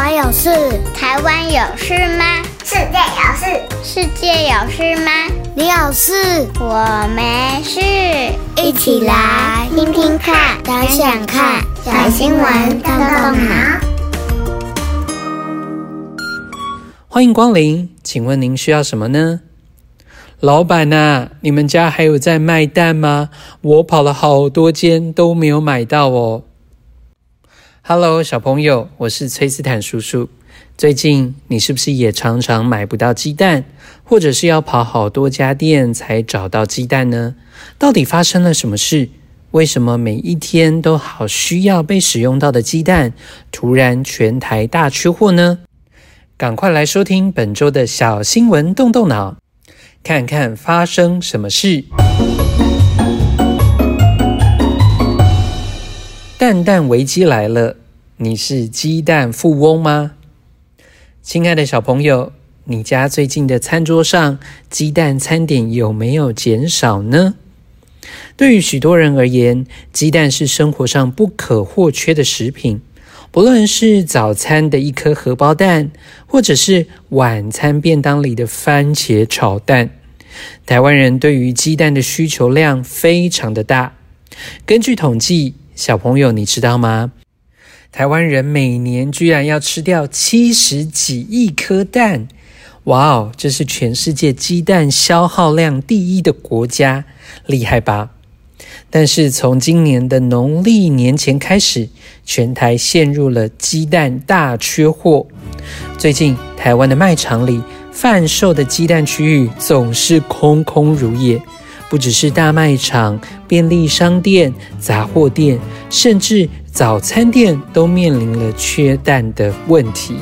我有事，台灣有事嗎？世界有事，世界有事嗎？你有事，我沒事。一起來聽聽看，想想看，看，小新聞動動腦。歡迎光臨，請問您需要什麼呢？老闆吶、啊，你們家還有在賣蛋嗎？我跑了好多間都沒有買到哦。哈嘍，小朋友，我是崔斯坦叔叔。最近你是不是也常常買不到雞蛋，或者是要跑好多家店才找到雞蛋呢？到底發生了什麼事？為什麼每一天都好需要被使用到的雞蛋，突然全台大缺貨呢？趕快來收聽本周的小新聞，動動腦，看看發生什麼事。蛋蛋危機來了，你是雞蛋富翁嗎？親愛的小朋友，你家最近的餐桌上雞蛋餐點有沒有減少呢？對於許多人而言，雞蛋是生活上不可或缺的食品，不論是早餐的一顆荷包蛋，或者是晚餐便當裡的番茄炒蛋，台灣人對於雞蛋的需求量非常的大。根據統計，小朋友，你知道嗎？台灣人每年居然要吃掉七十幾億顆蛋，哇哦，這是全世界雞蛋消耗量第一的國家，厲害吧？但是從今年的農曆年前開始，全台陷入了雞蛋大缺貨。最近，台灣的賣場裡，販售的雞蛋區域總是空空如也。不只是大賣場、便利商店、雜貨店，甚至早餐店都面臨了缺蛋的問題。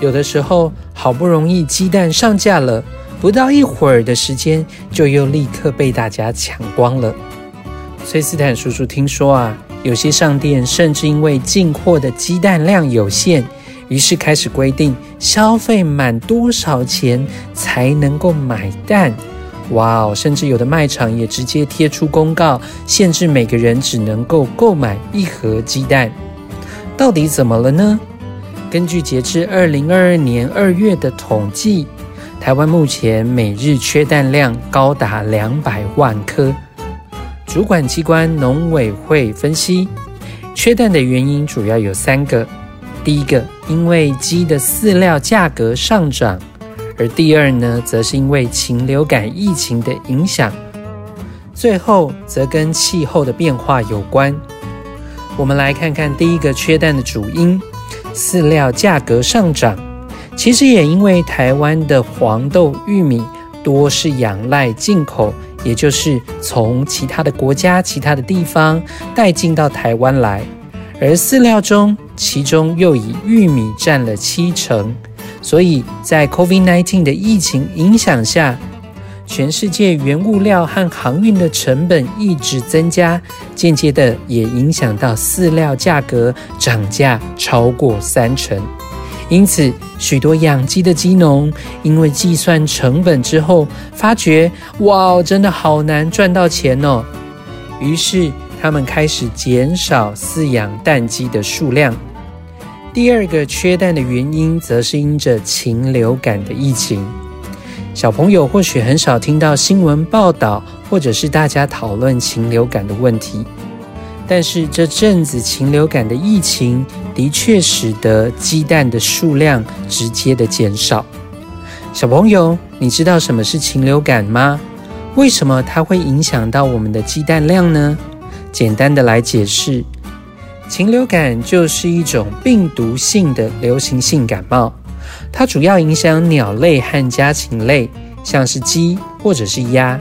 有的時候，好不容易雞蛋上架了，不到一會兒的時間，就又立刻被大家搶光了。崔斯坦叔叔聽說啊，有些商店甚至因為進貨的雞蛋量有限，於是開始規定消費滿多少錢才能夠買蛋。哇哦！甚至有的賣場也直接貼出公告，限制每個人只能夠購買一盒雞蛋。到底怎麼了呢？根據截至二零二二年二月的統計，台灣目前每日缺蛋量高達兩百萬顆。主管機關農委會分析，缺蛋的原因主要有三個。第一個，因為雞的飼料價格上漲。而第二呢，則是因為禽流感疫情的影響；最後則跟氣候的變化有關。我們來看看第一個缺蛋的主因：飼料價格上漲。其實也因為台灣的黃豆、玉米多是仰賴進口，也就是從其他的國家、其他的地方帶進到台灣來，而飼料中，其中又以玉米占了七成。所以在 COVID-19 的疫情影響下，全世界原物料和航運的成本一直增加，間接的也影響到飼料價格漲價超過三成。因此，許多養雞的雞農因為計算成本之後，發覺哇，真的好難賺到錢哦。於是，他們開始減少飼養蛋雞的數量。第二個缺蛋的原因，則是因着禽流感的疫情。小朋友或許很少聽到新聞報道，或者是大家討論禽流感的問題。但是這陣子禽流感的疫情，的確使得雞蛋的數量直接的減少。小朋友，你知道什麼是禽流感嗎？為什麼它會影響到我們的雞蛋量呢？簡單的來解釋。禽流感就是一種病毒性的流行性感冒，它主要影響鳥類和家禽類，像是雞或者是鴨。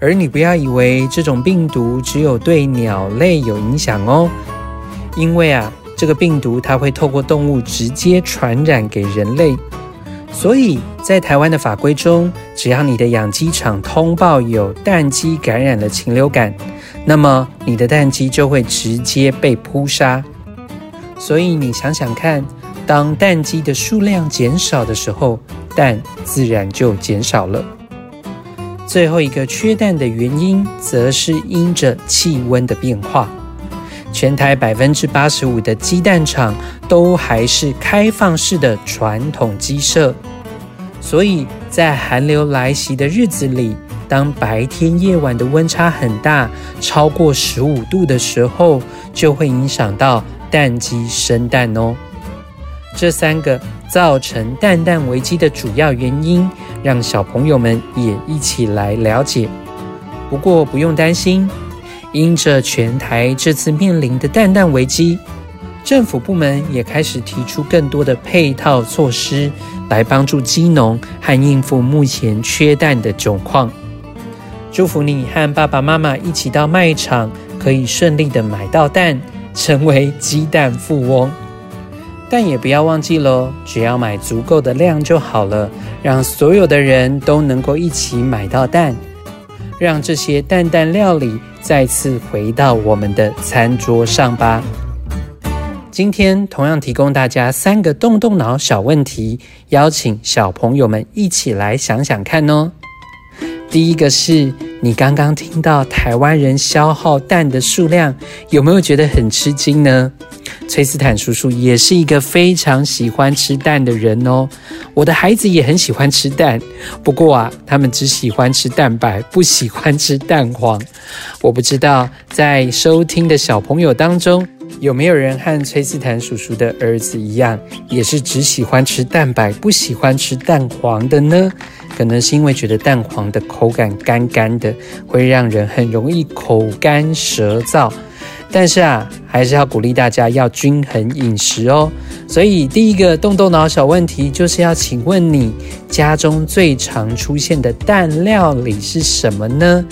而你不要以為這種病毒只有對鳥類有影響哦，因為啊，這個病毒它會透過動物直接傳染給人類，所以在台灣的法規中，只要你的養雞場通報有蛋雞感染了禽流感。那麼你的蛋雞就會直接被撲殺，所以你想想看，當蛋雞的數量減少的時候，蛋自然就減少了。最後一個缺蛋的原因，則是因着氣溫的變化。全台百分之八十五的雞蛋廠都還是開放式的傳統雞舍，所以在寒流來襲的日子裡，當白天夜晚的溫差很大，超過十五度的時候，就會影響到蛋雞生蛋哦。這三個造成蛋蛋危機的主要原因，讓小朋友們也一起來了解。不過不用擔心，因着全台這次面臨的蛋蛋危機，政府部門也開始提出更多的配套措施，來幫助雞農和應付目前缺蛋的窘況。祝福你和爸爸媽媽一起到賣場，可以順利的買到蛋，成為雞蛋富翁。但也不要忘記嘍，只要買足夠的量就好了，讓所有的人都能夠一起買到蛋，讓這些蛋蛋料理再次回到我們的餐桌上吧。今天同樣提供大家三個動動腦小問題，邀請小朋友們一起來想想看哦。第一個是。你剛剛聽到台灣人消耗蛋的數量，有沒有覺得很吃驚呢？崔斯坦叔叔也是一個非常喜歡吃蛋的人哦。我的孩子也很喜歡吃蛋，不過啊，他們只喜歡吃蛋白，不喜歡吃蛋黃。我不知道在收聽的小朋友當中，有沒有人和崔斯坦叔叔的兒子一樣，也是只喜歡吃蛋白，不喜歡吃蛋黃的呢？可能是因為覺得蛋黃的口感乾乾的，會讓人很容易口乾舌燥。但是啊，還是要鼓勵大家要均衡飲食哦。所以第一個動動腦小問題就是要請問你，家中最常出現的蛋料理是什麼呢？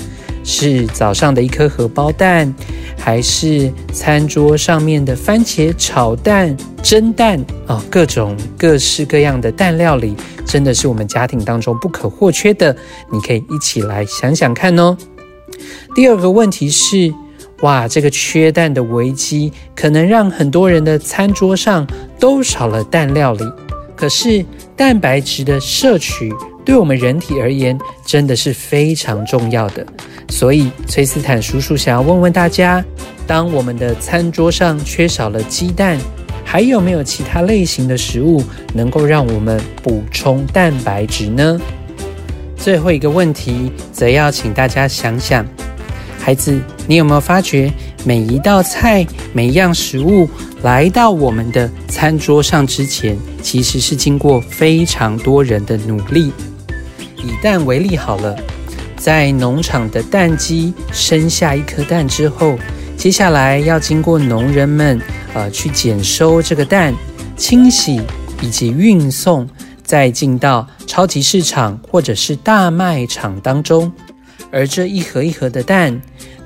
是早上的一顆荷包蛋，還是餐桌上面的番茄炒蛋、蒸蛋啊、哦？各種各式各樣的蛋料理，真的是我們家庭當中不可或缺的。你可以一起來想想看哦。第二個問題是，哇，這個缺蛋的危機，可能讓很多人的餐桌上都少了蛋料理。可是，蛋白質的攝取對我們人體而言，真的是非常重要的。所以，崔斯坦叔叔想要問問大家：當我們的餐桌上缺少了雞蛋，還有沒有其他類型的食物能夠讓我們補充蛋白質呢？最後一個問題，則要請大家想想：孩子，你有沒有發覺，每一道菜、每一樣食物來到我們的餐桌上之前，其實是經過非常多人的努力？以蛋為例，好了。在農場的蛋雞生下一顆蛋之後，接下來要經過農人們呃去撿收這個蛋、清洗以及運送，再進到超級市場或者是大賣場當中。而這一盒一盒的蛋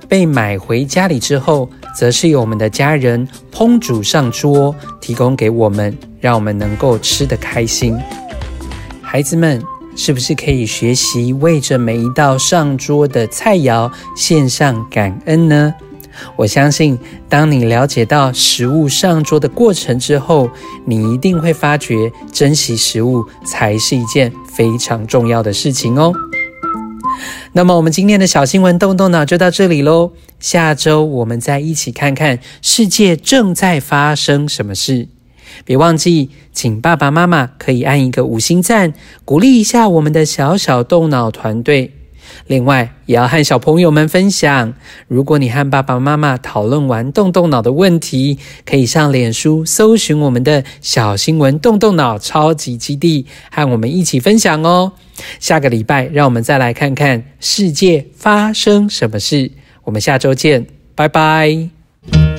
被買回家裡之後，則是由我們的家人烹煮上桌，提供給我們，讓我們能夠吃得開心。孩子們。是不是可以學習為着每一道上桌的菜餚獻上感恩呢？我相信，當你了解到食物上桌的過程之後，你一定會發覺珍惜食物才是一件非常重要的事情哦。那麼，我們今天的小新聞動動腦就到這裡嘍。下周我們再一起看看世界正在發生什麼事。別忘記，請爸爸媽媽可以按一個五星讚，鼓勵一下我們的小小動腦團隊。另外，也要和小朋友們分享。如果你和爸爸媽媽討論完動動腦的問題，可以上臉書搜尋我們的小新聞動動腦超級基地，和我們一起分享哦。下個禮拜，讓我們再來看看世界發生什麼事。我們下周見，拜拜。